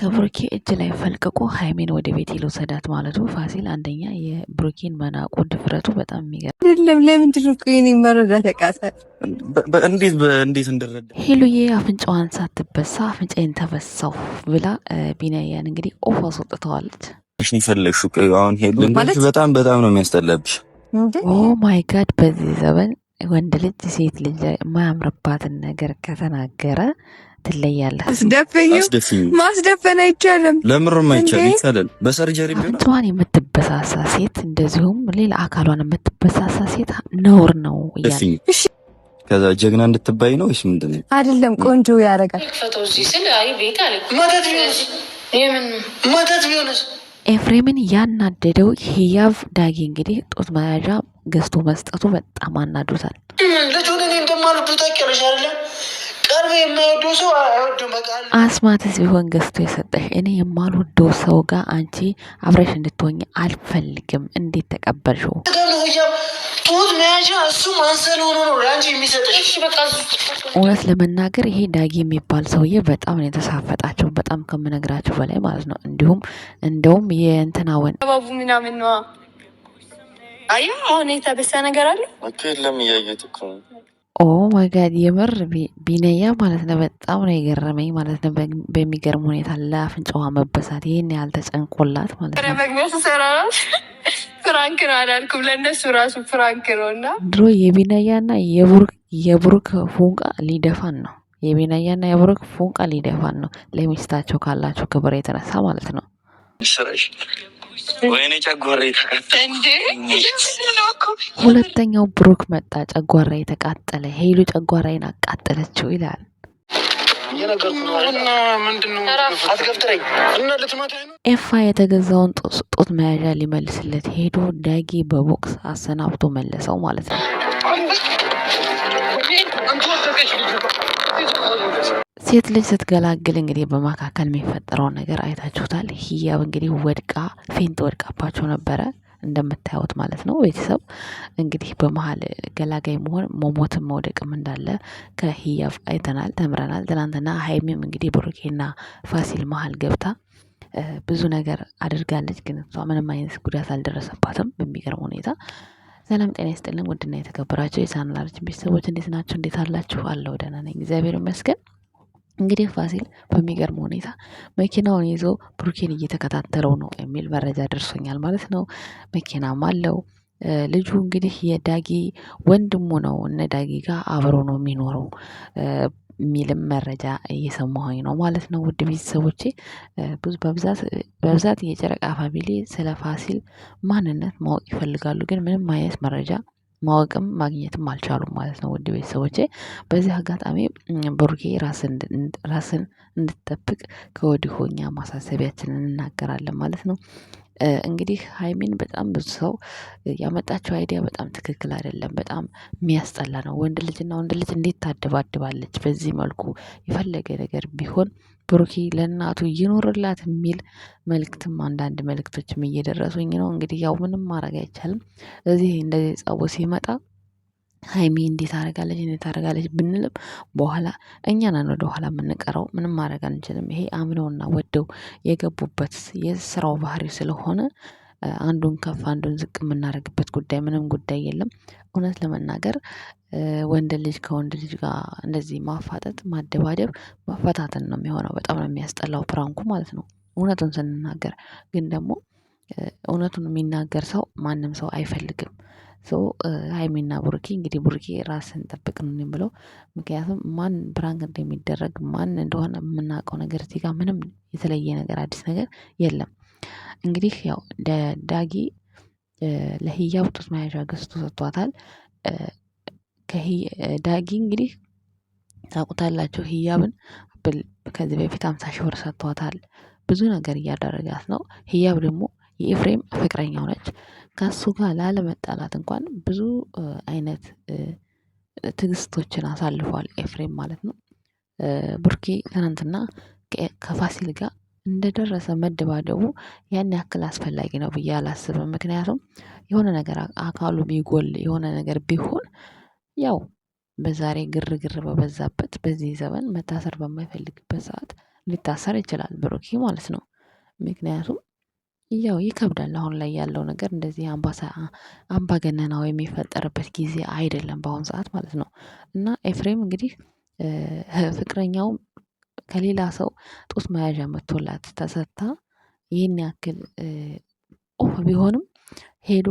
ከብሩኬ እጅ ላይ ፈልቅቆ ሀይሜን ወደ ቤት ልውሰዳት ማለቱ ፋሲል፣ አንደኛ የብሩኬን መናቁ ድፍረቱ በጣም የሚገርም አይደለም። ለምንድን ነው እኔ መረዳት ያቃተህ? እንዴት እንደረዳ ሄሉዬ አፍንጫዋን ሳትበሳ አፍንጫዬን ተበሳው ብላ ቢናያን እንግዲህ ኦፍ አስወጥተዋለች። ፈለግሹ አሁን ሄሉ በጣም በጣም ነው የሚያስጠላብሽ። ኦ ማይ ጋድ በዚህ ዘበን ወንድ ልጅ ሴት ልጅ ላይ የማያምርባትን ነገር ከተናገረ ትለያለህ። ማስደፈን አይቻልም፣ ለምርም አይቻልም። ይቻላል በሰርጀሪ ቢሆን የምትበሳሳ ሴት እንደዚሁም ሌላ አካሏን የምትበሳሳ ሴት ነውር ነው ከዛ ጀግና እንድትባይ ነው ወይስ ምንድን ነው? አይደለም ቆንጆ ያደርጋል። ኤፍሬምን ያናደደው ህያብ ዳጊ እንግዲህ ጡት መያዣ ገዝቶ መስጠቱ በጣም አናዶታል። ልጁ እኔ እንደማልዱት ታውቂያለሽ አይደለም ቀርብ የማይወደው ሰው አይወድም። በቃ አስማትስ ቢሆን ገዝቶ የሰጠሽ እኔ የማልወደው ሰው ጋር አንቺ አብረሽ እንድትሆኝ አልፈልግም። እንዴት ተቀበልሽው? ጡት መያዣ እሱ ማንሰል ሆኖ ነው ለአንቺ የሚሰጥሽ። እውነት ለመናገር ይሄ ዳጊ የሚባል ሰውዬ በጣም ነው የተሳፈጣቸው፣ በጣም ከምነግራቸው በላይ ማለት ነው። እንዲሁም እንደውም የእንትናወን ባቡ ምናምን ነዋ። አይ አሁን የተበሳ ነገር አለ ለም እያየት እኮ ኦ ማይ ጋድ የምር ቢነያ ማለት ነው። በጣም ነው የገረመኝ ማለት ነው። በሚገርም ሁኔታ ለአፍንጫዋ መበሳት ይህን ያህል ተጨንቆላት ማለት ነው። ፍራንክ ነው አላልኩም። ለእነሱ ራሱ ፍራንክ ነው እና ድሮ የቢናያና የብሩክ ፉንቃ ሊደፋን ነው። የቢናያና የብሩክ ፉንቃ ሊደፋን ነው። ለሚስታቸው ካላቸው ክብር የተነሳ ማለት ነው። ሁለተኛው ብሩክ መጣ። ጨጓራ የተቃጠለ ሄሉ ጨጓራዬን አቃጠለችው ይላል። ኤፋ የተገዛውን ጡት መያዣ ሊመልስለት ሄዶ ዳጊ በቦክስ አሰናብቶ መለሰው ማለት ነው። ሴት ልጅ ስትገላግል እንግዲህ በመካከል የሚፈጠረውን ነገር አይታችሁታል። ህያብ እንግዲህ ወድቃ ፌንት ወድቃባቸው ነበረ። እንደምታዩት ማለት ነው። ቤተሰብ እንግዲህ በመሀል ገላጋይ መሆን መሞትም መውደቅም እንዳለ ከህያፍ አይተናል፣ ተምረናል። ትናንትና ሀይሚም እንግዲህ ብሩኬና ፋሲል መሀል ገብታ ብዙ ነገር አድርጋለች። ግን እሷ ምንም አይነት ጉዳት አልደረሰባትም በሚገርም ሁኔታ። ሰላም ጤና ይስጥልን ውድና የተከበራቸው የሳናላችን ቤተሰቦች እንዴት ናቸው? እንዴት አላችሁ? አለው ደህና ነኝ፣ እግዚአብሔር ይመስገን። እንግዲህ ፋሲል በሚገርም ሁኔታ መኪናውን ይዞ ብሩኬን እየተከታተለው ነው የሚል መረጃ ደርሶኛል ማለት ነው። መኪናም አለው። ልጁ እንግዲህ የዳጊ ወንድሙ ነው። እነ ዳጊ ጋር አብሮ ነው የሚኖረው የሚልም መረጃ እየሰማሁኝ ነው ማለት ነው። ውድ ቤተሰቦቼ ብዙ በብዛት በብዛት የጨረቃ ፋሚሊ ስለ ፋሲል ማንነት ማወቅ ይፈልጋሉ፣ ግን ምንም አይነት መረጃ ማወቅም ማግኘትም አልቻሉም ማለት ነው። ውድ ቤተሰቦቼ በዚህ አጋጣሚ ብሩኬ ራስን እንድጠብቅ እንድትጠብቅ ከወዲሁ ማሳሰቢያችንን እናገራለን ማለት ነው። እንግዲህ ሀይሚን በጣም ብዙ ሰው ያመጣችው አይዲያ በጣም ትክክል አይደለም። በጣም የሚያስጠላ ነው። ወንድ ልጅና ወንድ ልጅ እንዴት ታደባድባለች? በዚህ መልኩ የፈለገ ነገር ቢሆን ብሩኬ ለእናቱ ይኖርላት የሚል መልክትም አንዳንድ መልክቶችም እየደረሱኝ ነው። እንግዲህ ያው ምንም ማድረግ አይቻልም። እዚህ እንደዚህ ጸቦ ሲመጣ ሀይሚ እንዴት አደርጋለች እንዴት አደርጋለች ብንልም በኋላ እኛን ወደ ኋላ የምንቀረው ምንም ማድረግ አንችልም። ይሄ አምነውና ወደው የገቡበት የስራው ባህሪ ስለሆነ አንዱን ከፍ አንዱን ዝቅ የምናደርግበት ጉዳይ ምንም ጉዳይ የለም። እውነት ለመናገር ወንድ ልጅ ከወንድ ልጅ ጋር እንደዚህ ማፋጠጥ ማደባደብ ማፈታተን ነው የሚሆነው በጣም ነው የሚያስጠላው ፕራንኩ ማለት ነው። እውነቱን ስንናገር ግን ደግሞ እውነቱን የሚናገር ሰው ማንም ሰው አይፈልግም። ሶ ሃይሚና ቡርኬ እንግዲህ ቡርኪ ራስን ጠብቅ ነው የምለው ምክንያቱም ማን ፕራንክ እንደሚደረግ ማን እንደሆነ የምናውቀው ነገር እዚህ ጋር ምንም የተለየ ነገር አዲስ ነገር የለም። እንግዲህ ያው ዳጊ ለህያብ ጡት መያዣ ገዝቶ ሰጥቷታል። ከዳጊ እንግዲህ ታውቁታላችሁ። ህያብን ከዚህ በፊት አምሳ ሺህ ብር ሰጥቷታል። ብዙ ነገር እያደረጋት ነው። ህያብ ደግሞ የኤፍሬም ፍቅረኛው ነች። ከሱ ጋር ላለመጣላት እንኳን ብዙ አይነት ትግስቶችን አሳልፏል ኤፍሬም ማለት ነው። ቡርኬ ትናንትና ከፋሲል ጋር እንደደረሰ መደባደቡ ያን ያክል አስፈላጊ ነው ብዬ አላስብም። ምክንያቱም የሆነ ነገር አካሉ ቢጎል የሆነ ነገር ቢሆን ያው በዛሬ ግርግር በበዛበት በዚህ ዘመን መታሰር በማይፈልግበት ሰዓት ሊታሰር ይችላል ብሩኪ ማለት ነው። ምክንያቱም ያው ይከብዳል አሁን ላይ ያለው ነገር እንደዚህ አምባገነናው የሚፈጠርበት ጊዜ አይደለም በአሁን ሰዓት ማለት ነው። እና ኤፍሬም እንግዲህ ፍቅረኛው ከሌላ ሰው ጡት መያዣ መቶላት ተሰጥታ ይህን ያክል ኦፍ ቢሆንም ሄዶ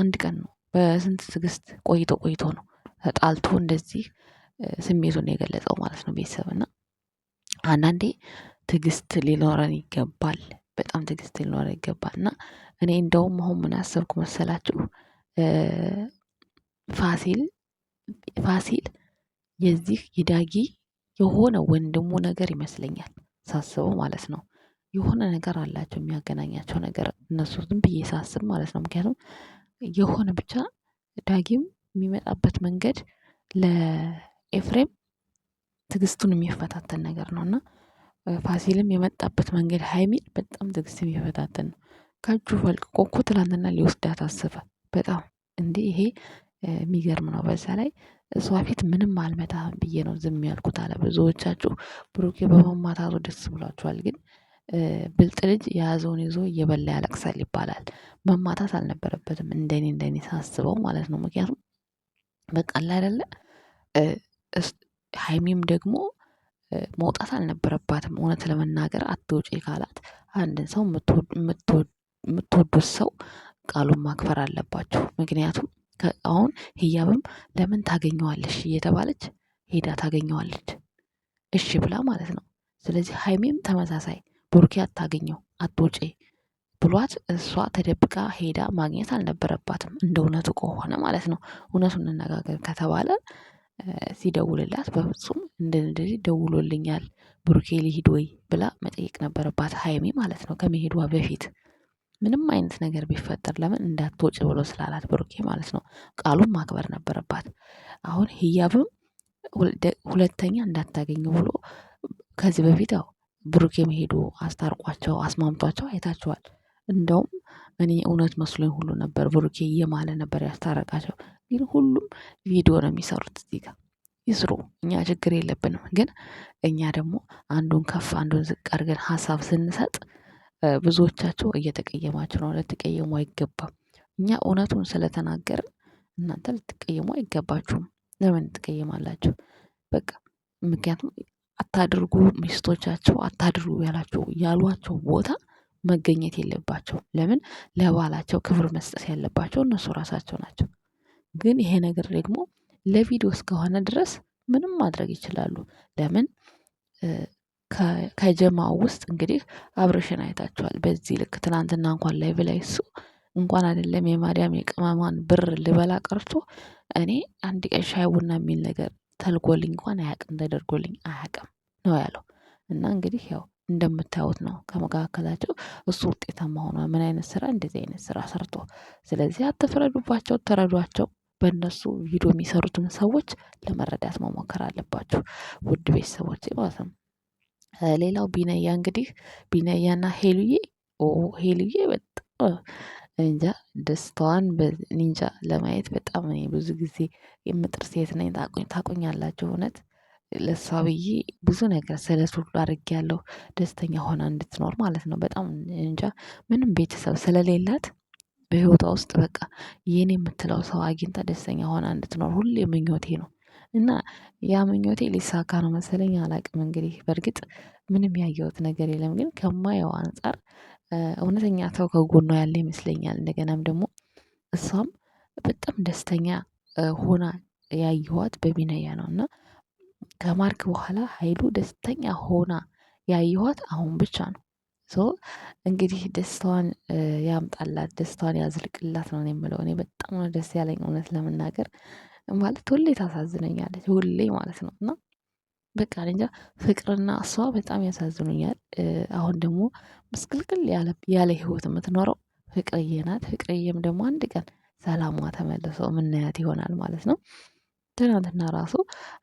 አንድ ቀን ነው በስንት ትዕግስት ቆይቶ ቆይቶ ነው ተጣልቶ እንደዚህ ስሜቱን የገለጸው ማለት ነው ቤተሰብ እና አንዳንዴ ትዕግስት ሊኖረን ይገባል። በጣም ትዕግስት ሊኖረን ይገባል እና እኔ እንደውም አሁን ምን አሰብኩ መሰላችሁ? ፋሲል ፋሲል የዚህ የዳጊ የሆነ ወንድሙ ነገር ይመስለኛል ሳስበው ማለት ነው። የሆነ ነገር አላቸው የሚያገናኛቸው ነገር እነሱ ዝም ብዬ ሳስብ ማለት ነው ምክንያቱም የሆነ ብቻ ዳጊም የሚመጣበት መንገድ ለኤፍሬም ትግስቱን የሚፈታተን ነገር ነው እና ፋሲልም የመጣበት መንገድ ሀይሚን በጣም ትግስት የሚፈታተን ነው። ከእጁ ፈልቅቆ እኮ ትላንትና ሊወስዳት አሰበ። በጣም እንዲህ ይሄ የሚገርም ነው። በዛ ላይ እሷ ፊት ምንም አልመታህም ብዬ ነው ዝም ያልኩት አለ። ብዙዎቻችሁ ብሩኬ በመማታቱ ደስ ብሏችኋል ግን ብልጥ ልጅ የያዘውን ይዞ እየበላ ያለቅሳል ይባላል። መማታት አልነበረበትም እንደኔ እንደኔ ሳስበው ማለት ነው። ምክንያቱም በቃ አይደለ ሀይሚም ደግሞ መውጣት አልነበረባትም። እውነት ለመናገር አትውጪ ካላት አንድን ሰው የምትወዱት ሰው ቃሉን ማክበር አለባችሁ። ምክንያቱም አሁን ህያብም ለምን ታገኘዋለሽ እየተባለች ሄዳ ታገኘዋለች እሺ ብላ ማለት ነው። ስለዚህ ሀይሜም ተመሳሳይ ቡርኬ አታገኘው አትውጪ ብሏት እሷ ተደብቃ ሄዳ ማግኘት አልነበረባትም። እንደ እውነቱ ከሆነ ማለት ነው። እውነቱን እንነጋገር ከተባለ ሲደውልላት በፍጹም እንደዚህ ደውሎልኛል ብሩኬ ሊሂድ ወይ ብላ መጠየቅ ነበረባት ሀይሚ ማለት ነው። ከመሄዷ በፊት ምንም አይነት ነገር ቢፈጠር ለምን እንዳትወጭ ብሎ ስላላት ብሩኬ ማለት ነው። ቃሉን ማክበር ነበረባት። አሁን ህያብም ሁለተኛ እንዳታገኘው ብሎ ከዚህ በፊት ያው ብሩኬ መሄዱ አስታርቋቸው አስማምቷቸው አይታቸዋል እንደውም እኔ እውነት መስሎኝ ሁሉ ነበር ብሩኬ እየማለ ነበር ያስታረቃቸው። ግን ሁሉም ቪዲዮ ነው የሚሰሩት እዚህ ጋር ይስሩ፣ እኛ ችግር የለብንም። ግን እኛ ደግሞ አንዱን ከፍ አንዱን ዝቅ አድርገን ሀሳብ ስንሰጥ ብዙዎቻቸው እየተቀየማቸው ነው። ልትቀየሙ አይገባም። እኛ እውነቱን ስለተናገር እናንተ ልትቀየሙ አይገባችሁም። ለምን ትቀየማላችሁ? በቃ ምክንያቱም አታድርጉ ሚስቶቻቸው አታድርጉ ያላቸው ያሏቸው ቦታ መገኘት የለባቸው። ለምን ለባላቸው ክብር መስጠት ያለባቸው እነሱ ራሳቸው ናቸው። ግን ይሄ ነገር ደግሞ ለቪዲዮ እስከሆነ ድረስ ምንም ማድረግ ይችላሉ። ለምን ከጀማው ውስጥ እንግዲህ አብርሽን አይታችኋል። በዚህ ልክ ትናንትና እንኳን ላይ ብላይ እሱ እንኳን አይደለም የማርያም የቅመማን ብር ልበላ ቀርቶ እኔ አንድ ቀን ሻይ ቡና የሚል ነገር ተልጎልኝ እንኳን አያውቅም ተደርጎልኝ አያቅም ነው ያለው። እና እንግዲህ ያው እንደምታዩት ነው ከመካከላቸው እሱ ውጤታማ መሆኗ ምን አይነት ስራ እንደዚህ አይነት ስራ ሰርቶ። ስለዚህ አትፍረዱባቸው፣ ተረዷቸው። በእነሱ ቪዲዮ የሚሰሩትን ሰዎች ለመረዳት መሞከር አለባችሁ ውድ ቤተሰቦቼ ማለት ነው። ሌላው ቢነያ እንግዲህ ቢነያና ሄሉዬ ሄሉዬ በጣም እንጃ ደስታዋን እኔንጃ ለማየት በጣም እኔ ብዙ ጊዜ የምጥር ሴት ነኝ። ታውቁኛላችሁ እውነት ለሷ ብዬ ብዙ ነገር ስለሱ ሁሉ ያለው ደስተኛ ሆና እንድትኖር ማለት ነው። በጣም እንጃ ምንም ቤተሰብ ስለሌላት በህይወቷ ውስጥ በቃ ይህን የምትለው ሰው አግኝታ ደስተኛ ሆና እንድትኖር ሁሌ ምኞቴ ነው። እና ያ ምኞቴ ሊሳካ ነው መሰለኝ አላቅም። እንግዲህ በእርግጥ ምንም ያየሁት ነገር የለም ግን ከማየው አንፃር እውነተኛ ሰው ከጎኗ ያለ ይመስለኛል። እንደገናም ደግሞ እሷም በጣም ደስተኛ ሆና ያየኋት በቢነያ ነው። እና ከማርክ በኋላ ሀይሉ ደስተኛ ሆና ያየኋት አሁን ብቻ ነው። ሶ እንግዲህ ደስታዋን ያምጣላት ደስታዋን ያዝልቅላት ነው የምለው። እኔ በጣም ነው ደስ ያለኝ እውነት ለመናገር ማለት ሁሌ ታሳዝነኛለች ሁሌ ማለት ነው። እና በቃ እንጃ ፍቅርና እሷ በጣም ያሳዝኑኛል። አሁን ደግሞ ምስቅልቅል ያለ ህይወት የምትኖረው ፍቅርዬ ናት። ፍቅርዬም ደግሞ አንድ ቀን ሰላሟ ተመልሶ ምናያት ይሆናል ማለት ነው። ትናንትና ራሱ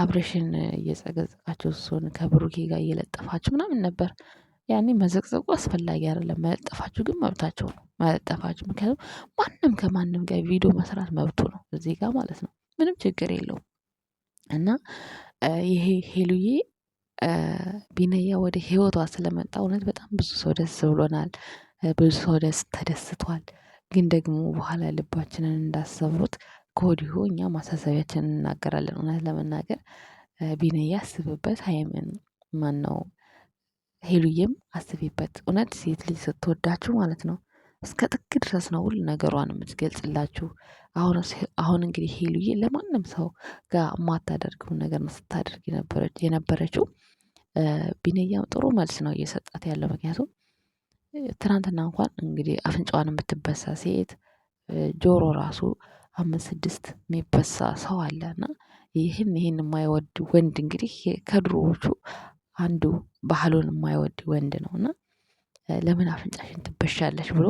አብሬሽን እየጸገጸቃችሁ እሱን ከብሩኬ ጋር እየለጠፋችሁ ምናምን ነበር። ያኔ መዘቅዘቁ አስፈላጊ አይደለም። መለጠፋችሁ ግን መብታቸው ነው መለጠፋችሁ። ምክንያቱም ማንም ከማንም ጋር ቪዲዮ መስራት መብቱ ነው እዚህ ጋር ማለት ነው። ምንም ችግር የለውም። እና ይሄ ሄሉዬ ቢነያ ወደ ህይወቷ ስለመጣ እውነት በጣም ብዙ ሰው ደስ ብሎናል። ብዙ ሰው ደስ ተደስቷል። ግን ደግሞ በኋላ ልባችንን እንዳሰብሩት ከወዲሁ እኛ ማሳሰቢያችንን እናገራለን እውነት ለመናገር ቢነያ አስብበት ማን ነው ሄሉዬም አስቢበት እውነት ሴት ልጅ ስትወዳችሁ ማለት ነው። እስከ ጥግ ድረስ ነው ሁሉ ነገሯን የምትገልጽላችሁ። አሁን እንግዲህ ሄሉዬ ለማንም ሰው ጋር የማታደርገውን ነገር ነው ስታደርግ የነበረችው ቢንያም ጥሩ መልስ ነው እየሰጣት ያለው ምክንያቱም ትናንትና እንኳን እንግዲህ አፍንጫዋን የምትበሳ ሴት ጆሮ ራሱ አምስት ስድስት የሚበሳ ሰው አለ እና ይህን ይህን የማይወድ ወንድ እንግዲህ ከድሮዎቹ አንዱ ባህሉን የማይወድ ወንድ ነው እና ለምን አፍንጫሽን ትበሻለች ብሎ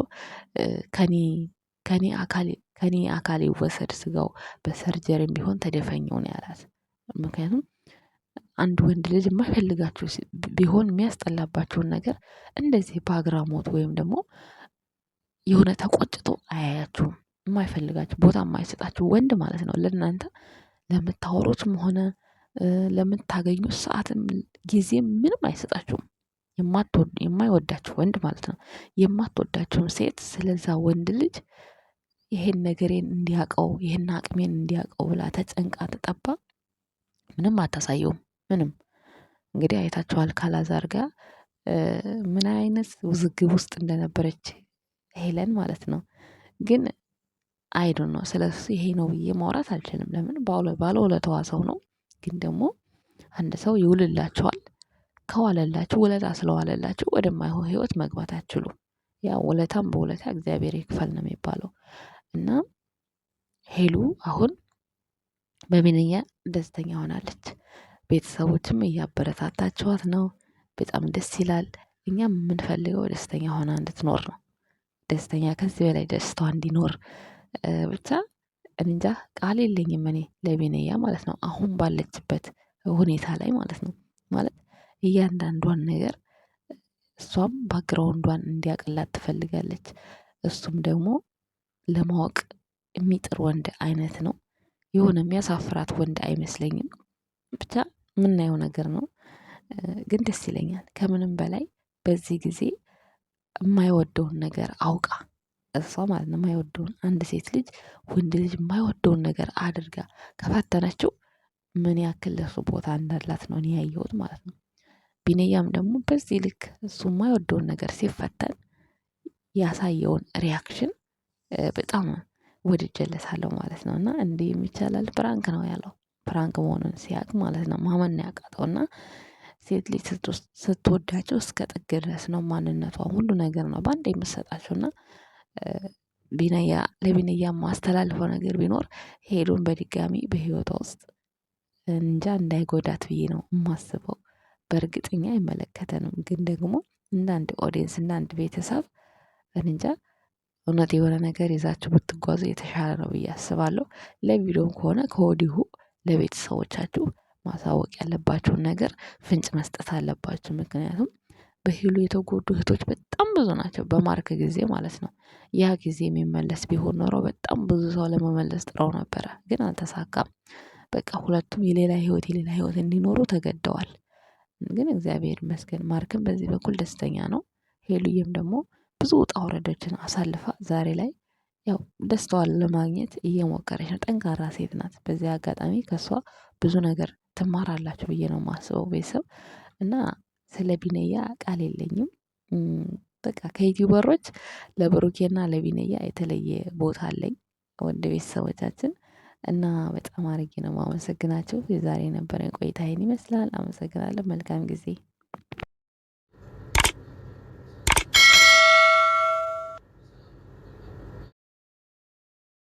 ከኔ አካል ከኔ አካል ይወሰድ ስጋው በሰርጀሪም ቢሆን ተደፈኘው ነው ያላት። ምክንያቱም አንድ ወንድ ልጅ የማይፈልጋቸው ቢሆን የሚያስጠላባቸውን ነገር እንደዚህ በአግራሞት ወይም ደግሞ የሆነ ተቆጭቶ አያያችሁም። የማይፈልጋችሁ ቦታ የማይሰጣቸው ወንድ ማለት ነው። ለእናንተ ለምታወሩትም ሆነ ለምታገኙት ሰዓትም ጊዜም ምንም አይሰጣችሁም። የማይወዳችሁ ወንድ ማለት ነው። የማትወዳችሁም ሴት ስለዛ ወንድ ልጅ ይሄን ነገሬን እንዲያውቀው ይሄን አቅሜን እንዲያውቀው ብላ ተጨንቃ ተጠባ ምንም አታሳየውም ምንም እንግዲህ አይታችኋል ካላዛር ጋር ምን አይነት ውዝግብ ውስጥ እንደነበረች ሄለን ማለት ነው። ግን አይዶ ነው ስለሱ ይሄ ነው ብዬ ማውራት አልችልም። ለምን ባለውለታዋ ሰው ነው። ግን ደግሞ አንድ ሰው ይውልላችኋል ከዋለላችሁ ውለታ ስለዋለላችሁ ወደማይሆን ህይወት መግባት አችሉ። ያ ውለታም በውለታ እግዚአብሔር ይክፈል ነው የሚባለው። እና ሄሉ አሁን በምንኛ ደስተኛ ሆናለች ቤተሰቦችም እያበረታታችኋት ነው። በጣም ደስ ይላል። እኛም የምንፈልገው ደስተኛ ሆና እንድትኖር ነው። ደስተኛ ከዚህ በላይ ደስታዋ እንዲኖር ብቻ እንጃ ቃል የለኝም እኔ ለቤነያ ማለት ነው። አሁን ባለችበት ሁኔታ ላይ ማለት ነው። ማለት እያንዳንዷን ነገር እሷም ባግራውንዷን እንዲያቅላት ትፈልጋለች። እሱም ደግሞ ለማወቅ የሚጥር ወንድ አይነት ነው። የሆነ የሚያሳፍራት ወንድ አይመስለኝም። ብቻ የምናየው ነገር ነው። ግን ደስ ይለኛል ከምንም በላይ በዚህ ጊዜ የማይወደውን ነገር አውቃ እሷ ማለት ነው የማይወደውን አንድ ሴት ልጅ ወንድ ልጅ የማይወደውን ነገር አድርጋ ከፈተነችው ምን ያክል ለሱ ቦታ እንዳላት ነው እኔ ያየሁት ማለት ነው። ቢንያም ደግሞ በዚህ ልክ እሱ የማይወደውን ነገር ሲፈተን ያሳየውን ሪያክሽን በጣም ወድጄለታለሁ ማለት ነው። እና እንዲህም ይቻላል ፕራንክ ነው ያለው ፕራንክ መሆኑን ሲያቅ ማለት ነው ማመን ነው ያቃተው። እና ሴት ልጅ ስትወዳቸው እስከ ጥግ ድረስ ነው ማንነቷ ሁሉ ነገር ነው በአንድ የምሰጣቸው። እና ቢነያ ለቢነያ ማስተላልፈው ነገር ቢኖር ሄሉን በድጋሚ በህይወቷ ውስጥ እንጃ እንዳይጎዳት ብዬ ነው የማስበው። በእርግጠኛ አይመለከተንም፣ ግን ደግሞ እንዳንድ ኦዲንስ ኦዲየንስ ቤተሰብ እንጃ እውነት የሆነ ነገር ይዛችሁ ብትጓዙ የተሻለ ነው ብዬ አስባለሁ። ለቪዲዮም ከሆነ ከወዲሁ ለቤተሰቦቻችሁ ማሳወቅ ያለባችሁን ነገር ፍንጭ መስጠት አለባችሁ። ምክንያቱም በሄሉ የተጎዱ እህቶች በጣም ብዙ ናቸው በማርክ ጊዜ ማለት ነው። ያ ጊዜ የሚመለስ ቢሆን ኖሮ በጣም ብዙ ሰው ለመመለስ ጥረው ነበረ ግን አልተሳካም። በቃ ሁለቱም የሌላ ህይወት የሌላ ህይወት እንዲኖሩ ተገደዋል። ግን እግዚአብሔር ይመስገን ማርክም በዚህ በኩል ደስተኛ ነው። ሄሉዬም ደግሞ ብዙ ውጣ ውረዶችን አሳልፋ ዛሬ ላይ ያው ደስታዋን ለማግኘት እየሞከረች ነው ጠንካራ ሴት ናት በዚህ አጋጣሚ ከእሷ ብዙ ነገር ትማራላችሁ ብዬ ነው የማስበው ቤተሰብ እና ስለ ቢነያ ቃል የለኝም። በቃ ከዩቲዩበሮች ለብሩኬና ለቢነያ የተለየ ቦታ አለኝ ውድ ቤተሰቦቻችን እና በጣም አድርጌ ነው አመሰግናቸው የዛሬ የነበረን ቆይታ ይሄን ይመስላል አመሰግናለሁ መልካም ጊዜ።